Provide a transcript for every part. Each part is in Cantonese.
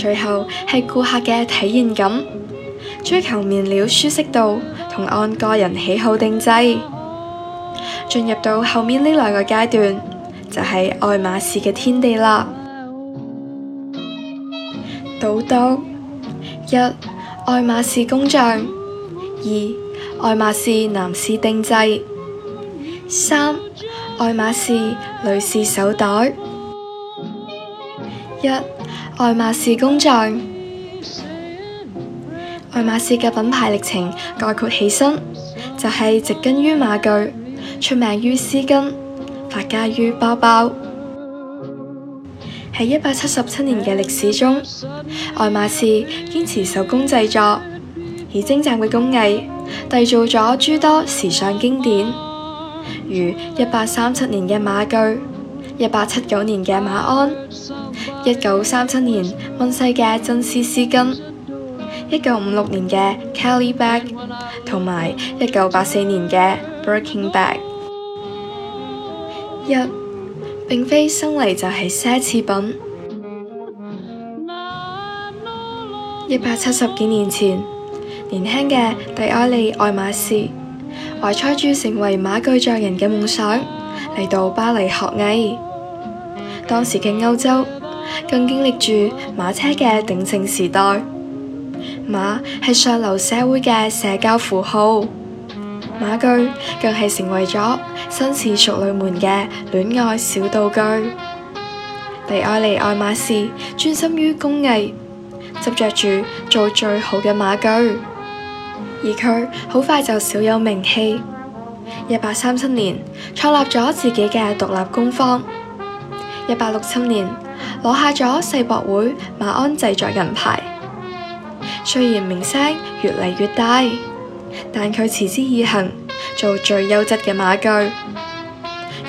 最後係顧客嘅體驗感，追求面料舒適度同按個人喜好定製。進入到後面呢兩個階段，就係愛馬仕嘅天地啦。導讀：一、愛馬仕工匠；二、愛馬仕男士定製；三、愛馬仕女士手袋。一愛馬仕工匠，愛馬仕嘅品牌歷程概括起身，就係植根於馬具，出名於絲巾，發家於包包。喺一百七十七年嘅歷史中，愛馬仕堅持手工製作，以精湛嘅工藝締造咗諸多時尚經典，如一八三七年嘅馬具，一八七九年嘅馬鞍。一九三七年，温西嘅真絲絲巾；一九五六年嘅 Kelly Bag，同埋一九八四年嘅 Breaking Bag。一並非生嚟就係奢侈品。一百七十幾年前，年輕嘅蒂埃利愛馬仕懷揣住成為馬具匠人嘅夢想，嚟到巴黎學藝。當時嘅歐洲。更經歷住馬車嘅鼎盛時代，馬係上流社會嘅社交符號，馬具更係成為咗紳士淑女們嘅戀愛小道具。蒂埃利愛馬仕專心於工藝，執着住做最好嘅馬具，而佢好快就小有名氣。一八三七年創立咗自己嘅獨立工坊，一八六七年，攞下咗世博會馬鞍製作銀牌，雖然名聲越嚟越大，但佢持之以恒做最優質嘅馬具。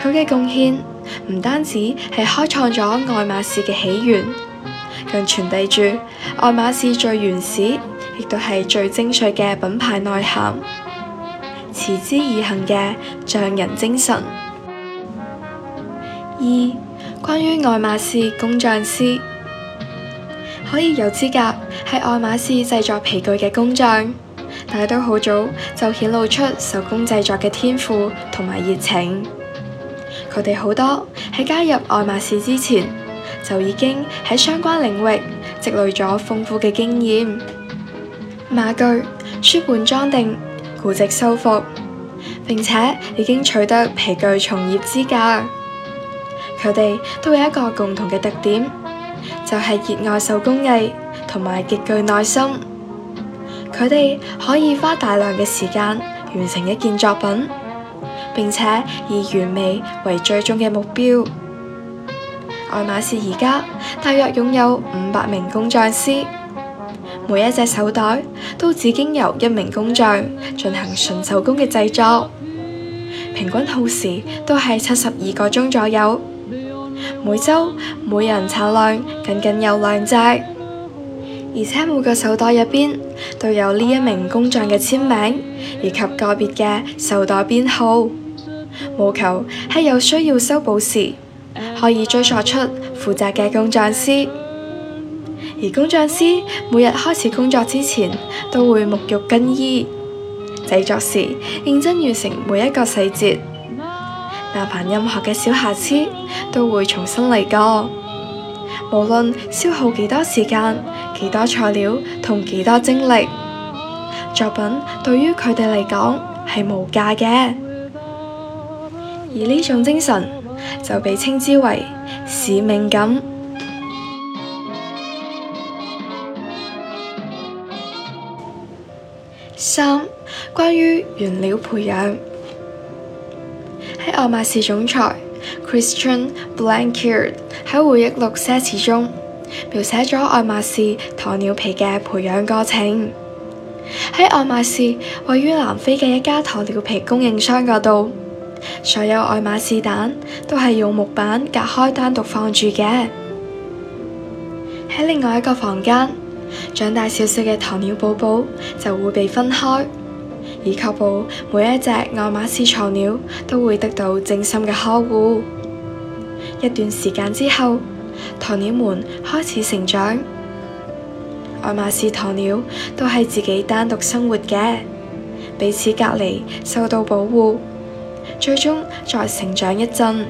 佢嘅貢獻唔單止係開創咗愛馬仕嘅起源，更傳遞住愛馬仕最原始亦都係最精粹嘅品牌內涵，持之以恒嘅匠人精神。二關於愛馬仕工匠師，可以有資格喺愛馬仕製作皮具嘅工匠，但係都好早就顯露出手工製作嘅天賦同埋熱情。佢哋好多喺加入愛馬仕之前就已經喺相關領域積累咗豐富嘅經驗，馬具、書本裝訂、古籍修復，並且已經取得皮具從業資格。佢哋都有一個共同嘅特點，就係熱愛手工藝同埋極具耐心。佢哋可以花大量嘅時間完成一件作品，並且以完美為最終嘅目標。愛馬仕而家大約擁有五百名工匠師，每一隻手袋都只經由一名工匠進行純手工嘅製作，平均耗時都係七十二個鐘左右。每周每人產量僅僅有兩隻，而且每個手袋入邊都有呢一名工匠嘅簽名，以及個別嘅手袋編號。務求喺有需要修補時，可以追溯出負責嘅工匠師。而工匠師每日開始工作之前，都會沐浴更衣，製作時認真完成每一個細節。哪怕任何嘅小瑕疵，都會重新嚟過。無論消耗幾多時間、幾多材料同幾多精力，作品對於佢哋嚟講係無價嘅。而呢種精神就被稱之為使命感。三、關於原料培養。愛馬仕總裁 Christian Blanckaert 喺回憶錄奢侈中，描寫咗愛馬仕鴕鳥皮嘅培養過程。喺愛馬仕位於南非嘅一家鴕鳥皮供應商嗰度，所有愛馬仕蛋都係用木板隔開單獨放住嘅。喺另外一個房間，長大小小嘅鴕鳥寶寶就會被分開。以確保每一隻愛馬仕鴕鳥都會得到精心嘅呵護。一段時間之後，鴕鳥們開始成長。愛馬仕鴕鳥都係自己單獨生活嘅，彼此隔離，受到保護。最終，再成長一陣，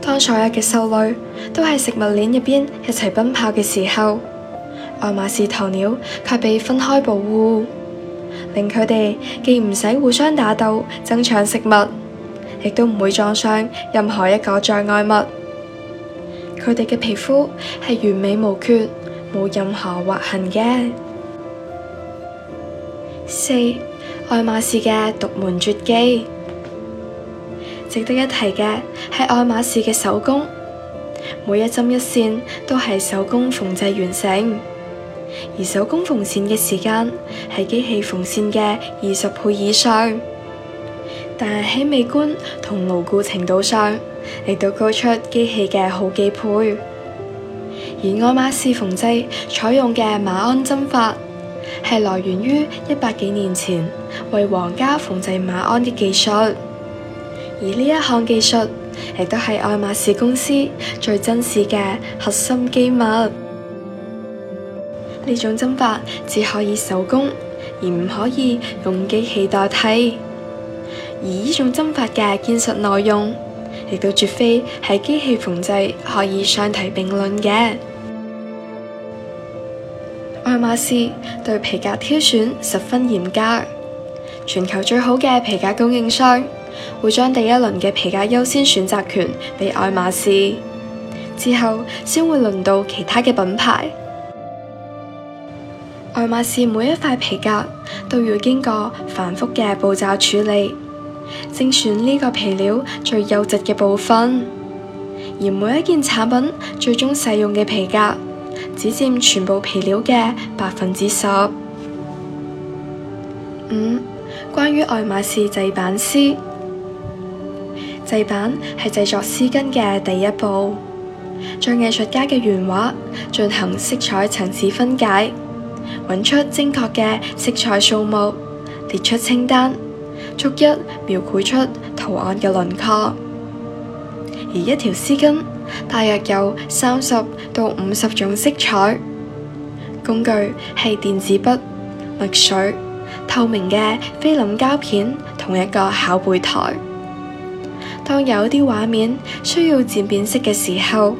當所有嘅獸類都喺食物鏈入邊一齊奔跑嘅時候，愛馬仕鴕鳥卻被分開保護。令佢哋既唔使互相打鬥爭搶食物，亦都唔會撞上任何一個障礙物。佢哋嘅皮膚係完美無缺，冇任何劃痕嘅。四，愛馬仕嘅獨門絕技，值得一提嘅係愛馬仕嘅手工，每一針一線都係手工縫製完成。而手工縫線嘅時間係機器縫線嘅二十倍以上，但係喺美觀同牢固程度上，亦都高出機器嘅好幾倍。而愛馬仕縫製採用嘅馬鞍針法，係來源於一百幾年前為皇家縫製馬鞍嘅技術，而呢一項技術亦都係愛馬仕公司最珍視嘅核心機密。呢種針法只可以手工，而唔可以用機器代替。而呢種針法嘅堅實內容，亦都絕非係機器縫製可以相提並論嘅。 愛馬仕對皮革挑選十分嚴格，全球最好嘅皮革供應商會將第一輪嘅皮革優先選擇權俾愛馬仕，之後先會輪到其他嘅品牌。愛馬仕每一塊皮革都要經過繁複嘅步驟處理，精選呢個皮料最優質嘅部分，而每一件產品最終使用嘅皮革只佔全部皮料嘅百分之十五。嗯，關於愛馬仕製版師，製版係製作絲巾嘅第一步，將藝術家嘅原畫進行色彩層次分解。揾出精確嘅色彩數目，列出清單，逐一描繪出圖案嘅輪廓。而一條絲巾大約有三十到五十種色彩。工具係電子筆、墨水、透明嘅菲林膠片同一個拷貝台。當有啲畫面需要漸變色嘅時候，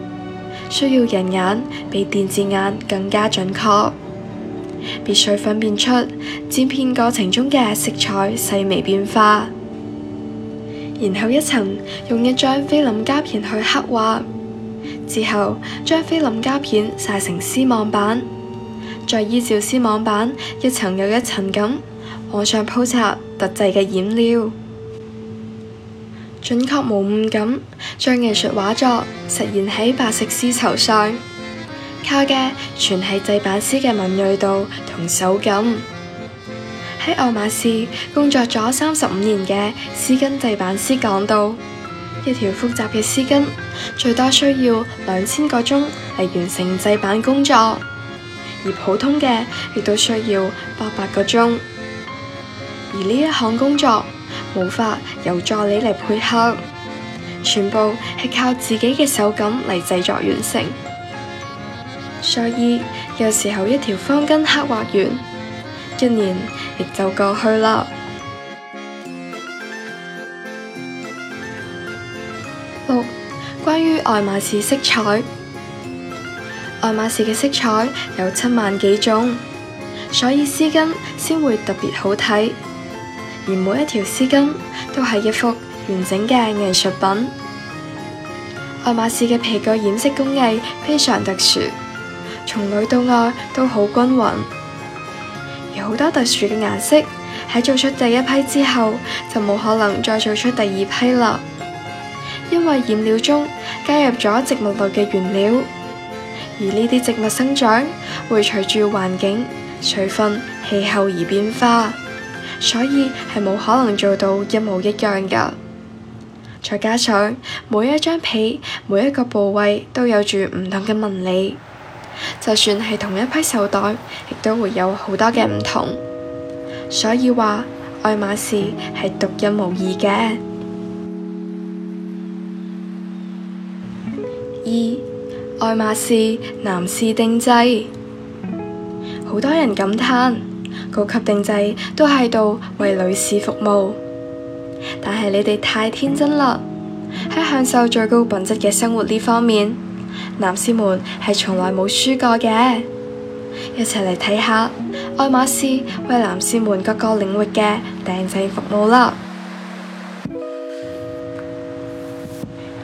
需要人眼比電子眼更加準確。必須分辨出剪片過程中嘅色彩細微變化，然後一層用一張菲林膠片去刻畫，之後將菲林膠片晒成絲網版，再依照絲網版一層又一層咁往上鋪刷特製嘅染料，準確無誤咁將藝術畫作實現喺白色絲綢上。靠嘅全係製版師嘅敏銳度同手感。喺愛馬仕工作咗三十五年嘅絲巾製版師講到：一條複雜嘅絲巾最多需要兩千個鐘嚟完成製版工作，而普通嘅亦都需要八百個鐘。而呢一項工作無法由助理嚟配合，全部係靠自己嘅手感嚟製作完成。所以有時候一條方巾刻畫完，一年亦就過去啦。六，關於愛馬仕色彩，愛馬仕嘅色彩有七萬幾種，所以絲巾先會特別好睇。而每一條絲巾都係一幅完整嘅藝術品。愛馬仕嘅皮革染色工藝非常特殊。從裏到外都好均勻，有好多特殊嘅顏色，喺做出第一批之後就冇可能再做出第二批啦，因為染料中加入咗植物類嘅原料，而呢啲植物生長會隨住環境、水分、氣候而變化，所以係冇可能做到一模一樣噶。再加上每一張皮每一個部位都有住唔同嘅紋理。就算係同一批手袋，亦都會有好多嘅唔同，所以話愛馬仕係獨一無二嘅。二，愛馬仕男士定製，好多人感嘆高級定製都喺度為女士服務，但係你哋太天真啦，喺享受最高品質嘅生活呢方面。男士們係從來冇輸過嘅，一齊嚟睇下愛馬仕為男士們各個領域嘅定制服務啦。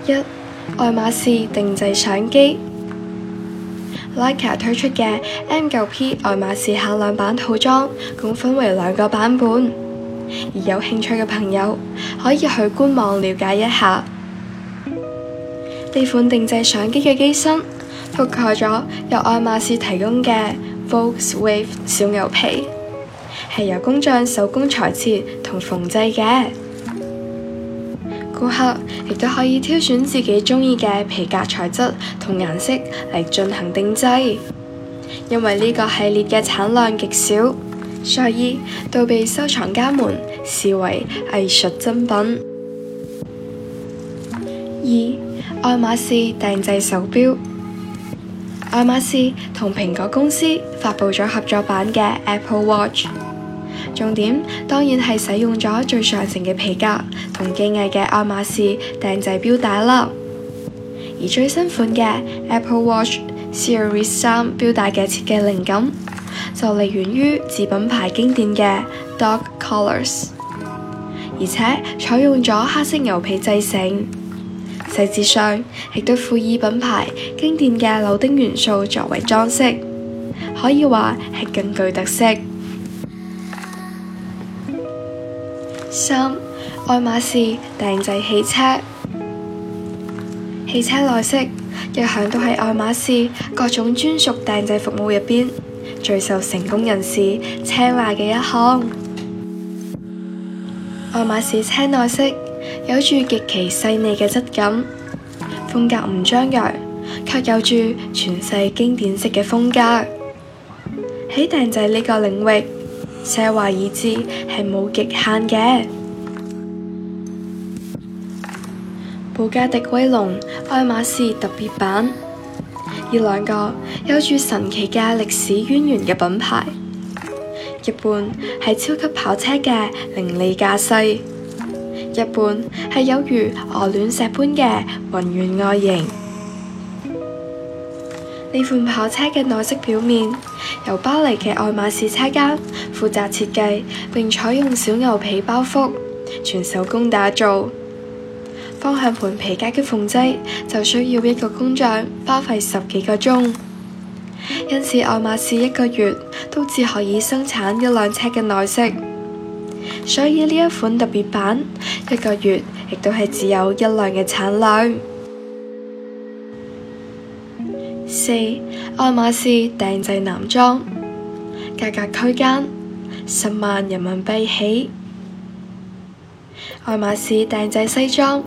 一，愛馬仕定製相機，徠卡推出嘅 M9P 愛馬仕限量版套裝，共分為兩個版本，而有興趣嘅朋友可以去官網了解一下。呢款定製相機嘅機身覆蓋咗由愛馬仕提供嘅 Vox Wave 小牛皮，係由工匠手工裁切同縫製嘅。顧客亦都可以挑選自己中意嘅皮革材質同顏色嚟進行定製。因為呢個系列嘅產量極少，所以都被收藏家們視為藝術珍品。二。愛馬仕定製手表，愛馬仕同蘋果公司發佈咗合作版嘅 Apple Watch，重點當然係使用咗最上乘嘅皮革同技藝嘅愛馬仕定製表帶啦。而最新款嘅 Apple Watch Series 三表帶嘅設計靈感就來源於自品牌經典嘅 Dog Collars，而且採用咗黑色牛皮製成。細節上，亦都賦予品牌經典嘅鉚釘元素作為裝飾，可以話係更具特色。三，愛馬仕訂製汽車，汽車內飾一向都係愛馬仕各種專屬訂製服務入邊最受成功人士青睞嘅一項。愛馬仕車內飾。有住極其細膩嘅質感，風格唔張揚，卻有住全世經典式嘅風格。喺定製呢個領域，奢華以至係冇極限嘅。布加迪威龍、愛馬仕特別版，呢兩個有住神奇嘅歷史淵源嘅品牌，一半係超級跑車嘅凌厲駕勢。一般係有如鵝卵石般嘅渾圓外形。呢 款跑車嘅內飾表面，由巴黎嘅愛馬仕車間負責設計，並採用小牛皮包覆，全手工打造。方向盤皮革嘅縫製就需要一個工匠花費十幾個鐘，因此愛馬仕一個月都只可以生產一輛車嘅內飾。所以呢一款特別版一個月亦都係只有一兩嘅產量。四、愛馬仕訂製男裝，價格區間十萬人民幣起。愛馬仕訂製西裝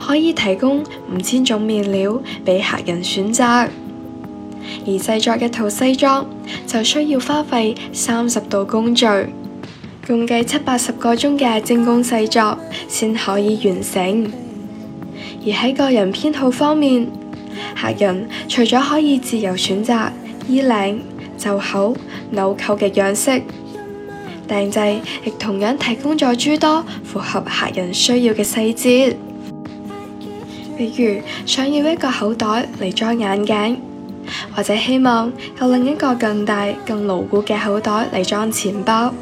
可以提供五千種面料俾客人選擇，而製作一套西裝就需要花費三十道工序。共計七八十個鐘嘅精工細作，先可以完成。而喺個人偏好方面，客人除咗可以自由選擇衣領、袖口、紐扣嘅樣式，定製亦同樣提供咗諸多符合客人需要嘅細節。比如想要一個口袋嚟裝眼鏡，或者希望有另一個更大、更牢固嘅口袋嚟裝錢包。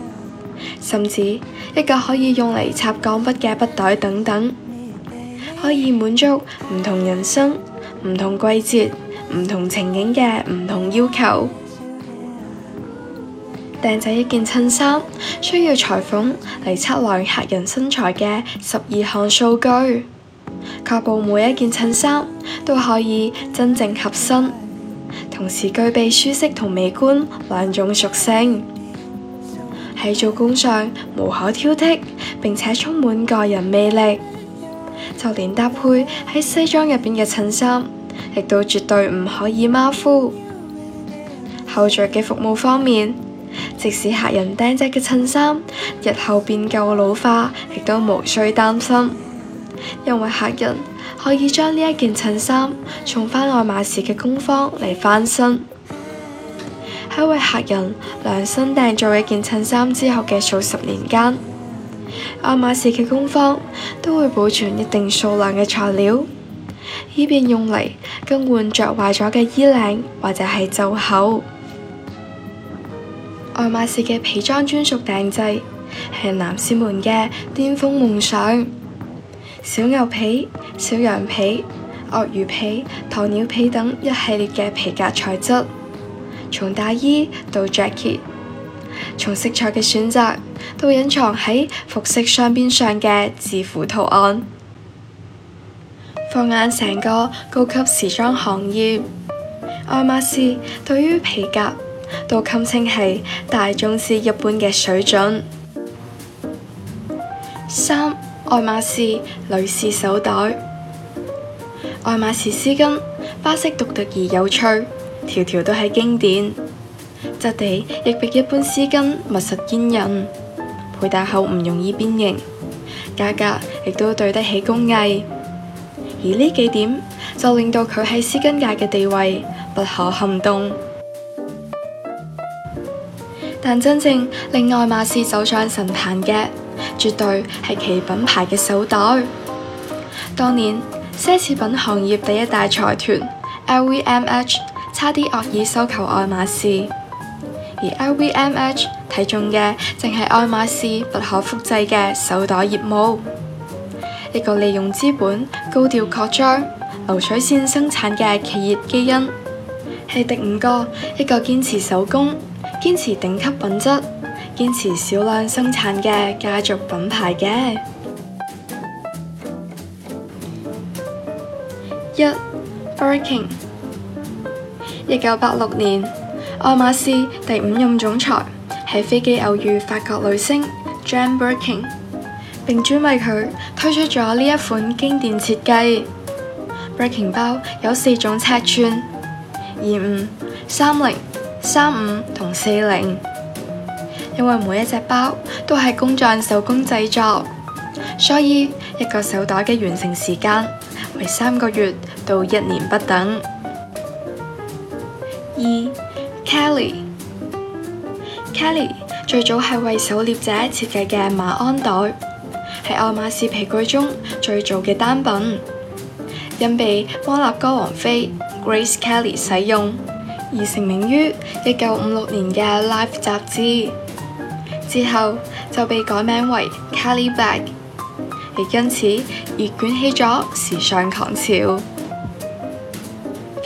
甚至一個可以用嚟插鋼筆嘅筆袋等等，可以滿足唔同人生、唔同季節、唔同情景嘅唔同要求。訂製一件襯衫需要裁縫嚟測量客人身材嘅十二項數據，確保每一件襯衫都可以真正合身，同時具備舒適同美觀兩種屬性。喺做工上無可挑剔，並且充滿個人魅力。就連搭配喺西裝入面嘅襯衫，亦都絕對唔可以馬虎。後續嘅服務方面，即使客人訂製嘅襯衫日後變舊老化，亦都無需擔心，因為客人可以將呢一件襯衫送翻愛馬仕嘅工坊嚟翻新。喺為客人量身訂做一件襯衫之後嘅數十年間，愛馬仕嘅工坊都會保存一定數量嘅材料，以便用嚟更換着壞咗嘅衣領或者係袖口。愛馬仕嘅皮裝專屬訂製係男士們嘅巔峰夢想。小牛皮、小羊皮、鱷魚皮、鴕鳥皮等一系列嘅皮革材質。從大衣到 jacket，從色彩嘅選擇到隱藏喺服飾雙邊上嘅字符圖案，放眼成個高級時裝行業，愛馬仕對於皮革都堪稱係大宗師一般嘅水準。三，愛馬仕女士手袋，愛馬仕絲巾，花式獨特而有趣。條條都係經典，質地亦比一般絲巾密實堅韌，佩戴後唔容易變形，價格亦都對得起工藝。而呢幾點就令到佢喺絲巾界嘅地位不可撼動。但真正令愛馬仕走上神壇嘅，絕對係其品牌嘅手袋。當年奢侈品行業第一大財團 LVMH，差啲惡意收購愛馬仕，而 LVMH 睇中嘅，淨係愛馬仕不可複製嘅手袋業務，一個利用資本高調擴張、流水線生產嘅企業基因，係第五個一個堅持手工、堅持頂級品質、堅持少量生產嘅家族品牌嘅一 Birkin。 1, 一九八六年，愛馬仕第五任總裁喺飛機偶遇法國女星 Jane Birkin，並專為佢推出咗呢一款經典設計。Birkin 包有四種尺寸，二五、三零、三五同四零。因為每一隻包都係工匠手工製作，所以一個手袋嘅完成時間為三個月到一年不等。二，Kelly，Kelly Kelly 最早係為狩獵者設計嘅馬鞍袋，係愛馬仕皮具中最早嘅單品，因被摩納哥王妃 Grace Kelly 使用而成名於一九五六年嘅 Life 雜誌，之後就被改名為 Kelly Bag，亦因此而捲起咗時尚狂潮。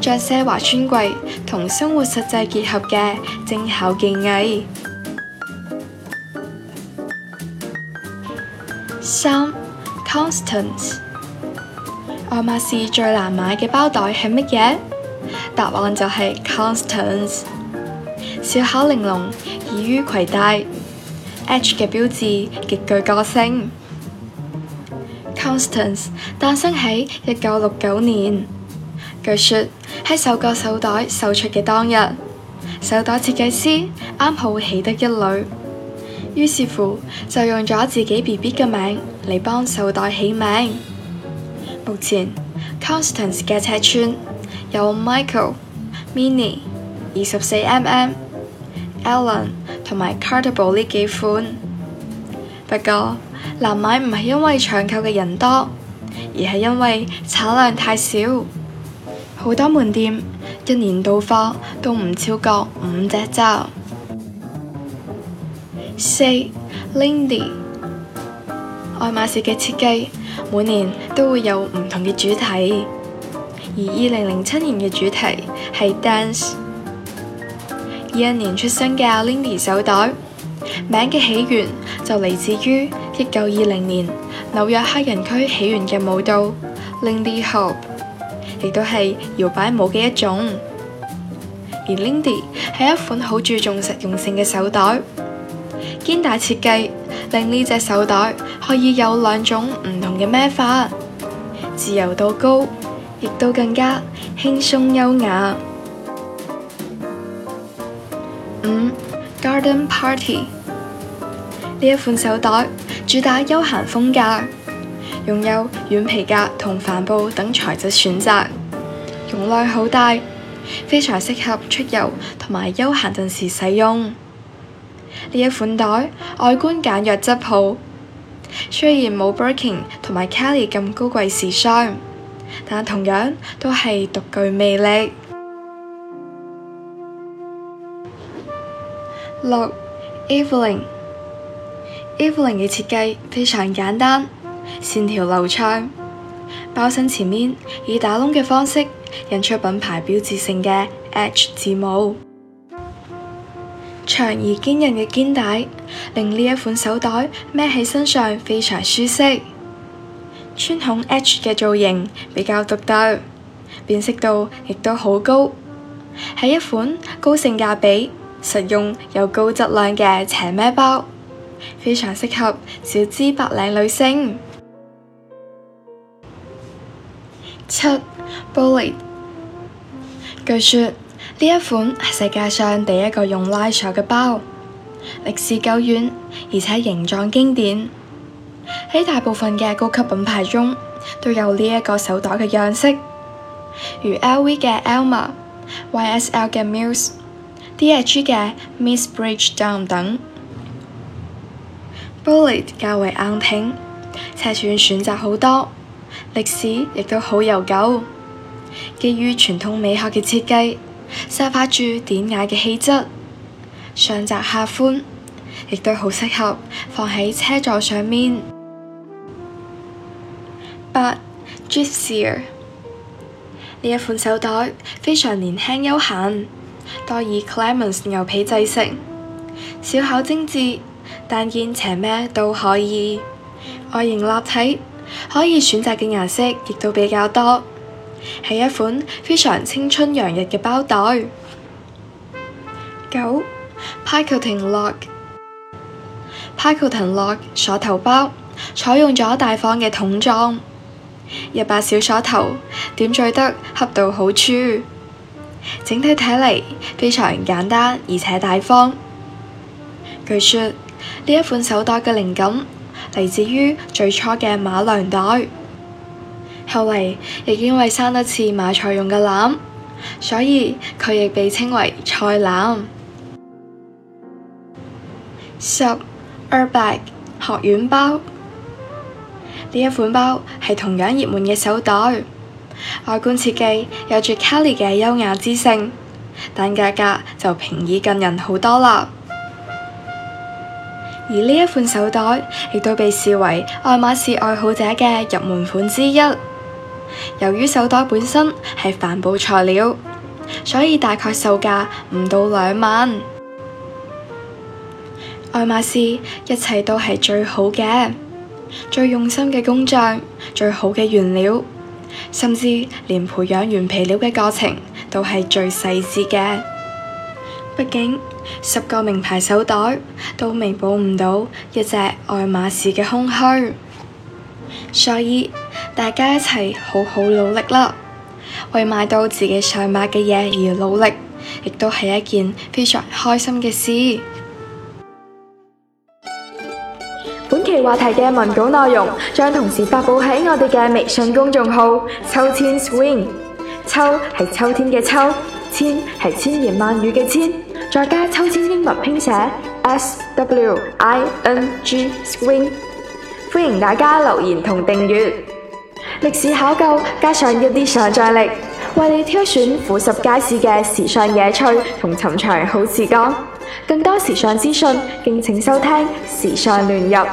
將奢華、尊貴同生活實際結合嘅精巧技藝。三，Constance，愛馬仕最難買嘅包袋係乜嘢？答案就係 Constance。小巧玲瓏，易於攜帶，H 嘅標誌，極具個性。Constance 誕生喺一九六九年，據說。喺首個手袋售出嘅當日，手袋設計師啱好喜得一女，於是乎就用咗自己 B B 嘅名嚟幫手袋起名。目前 Constance 嘅尺寸有 Michael、Mini、二十四 mm、Alan 同埋 Cartable 呢幾款。不過，難買唔係因為搶購嘅人多，而係因為產量太少。好多門店一年到貨都唔超過五隻隻。四，Lindy，愛馬仕嘅設計每年都會有唔同嘅主題，而二零零七年嘅主題係 Dance。二一年出生嘅 Lindy 手袋名嘅起源就嚟自於一九二零年紐約黑人區起源嘅舞蹈 Lindy Hop。亦都係搖擺舞嘅一種。而 Lindy 係一款好注重實用性嘅手袋，肩帶設計令呢隻手袋可以有兩種唔同嘅孭法，自由度高，亦都更加輕鬆優雅。五，Garden Party 呢一款手袋主打休閒風格。擁有軟皮革同帆布等材質選擇，容量好大，非常適合出遊同埋休閒陣時使用。呢一款袋外觀簡約質樸，雖然冇 Birkin 同埋 Kelly 咁高貴時尚，但同樣都係獨具魅力。六，Evelyn。Evelyn 嘅設計非常簡單。線條流暢，包身前面以打窿嘅方式印出品牌標誌性嘅 H 字母，長而堅韌嘅肩帶令呢一款手袋孭喺身上非常舒適。穿孔 H 嘅造型比較獨特，辨識度亦都好高，係一款高性價比、實用又高質量嘅斜孭包，非常適合小資白領女性。七，Bolide。據說呢一款係世界上第一個用拉鎖嘅包，歷史久遠，而且形狀經典。喺大部分嘅高級品牌中都有呢一個手袋嘅樣式，如 L.V 嘅 Alma、Y.S.L 嘅 Muse、D.H g 嘅 Miss Bridgedown 等。Bolide 較為硬挺，尺寸選擇好多。歷史亦都好悠久，基於傳統美學嘅設計，散發住典雅嘅氣質，上窄下寬，亦都好適合放喺車座上面。八 Jypsière，呢一款手袋非常年輕悠閒，多以 Clemens 牛皮製成，小巧精致，單肩斜孭都可以，外形立體。可以選擇嘅顏色亦都比較多，係一款非常青春洋溢嘅包袋。九，Picotin Lock，Picotin Lock 鎖頭包，採用咗大方嘅桶裝，一把小鎖頭，點綴得恰到好處。整體睇嚟非常簡單而且大方。據說呢一款手袋嘅靈感嚟自於最初嘅馬糧袋，後嚟亦因為生得似馬菜用嘅籃，所以佢亦被稱為菜籃。Herbag 學院包呢一款包係同樣熱門嘅手袋，外觀設計有住 Kelly 嘅優雅知性，但價格就平易近人好多啦。而呢一款手袋亦都被視為愛馬仕愛好者嘅入門款之一。由於手袋本身係帆布材料，所以大概售價唔到兩萬。愛馬仕一切都係最好嘅，最用心嘅工匠，最好嘅原料，甚至連培養原皮料嘅過程都係最細緻嘅。畢竟。十個名牌手袋都彌補唔到一隻愛馬仕嘅空虛，所以大家一齊好好努力啦，為買到自己想買嘅嘢而努力，亦都係一件非常開心嘅事。本期話題嘅文稿內容將同時發布喺我哋嘅微信公眾號“秋千 swing”，秋係秋天嘅秋，千係千言萬語嘅千。再加秋千英文拼寫，S W I N G，swing。ING，歡迎大家留言同訂閱。歷史考究加上一啲想象力，為你挑選富十街市嘅時尚野趣同尋常好時光。更多時尚資訊，敬請收聽《時尚亂入》。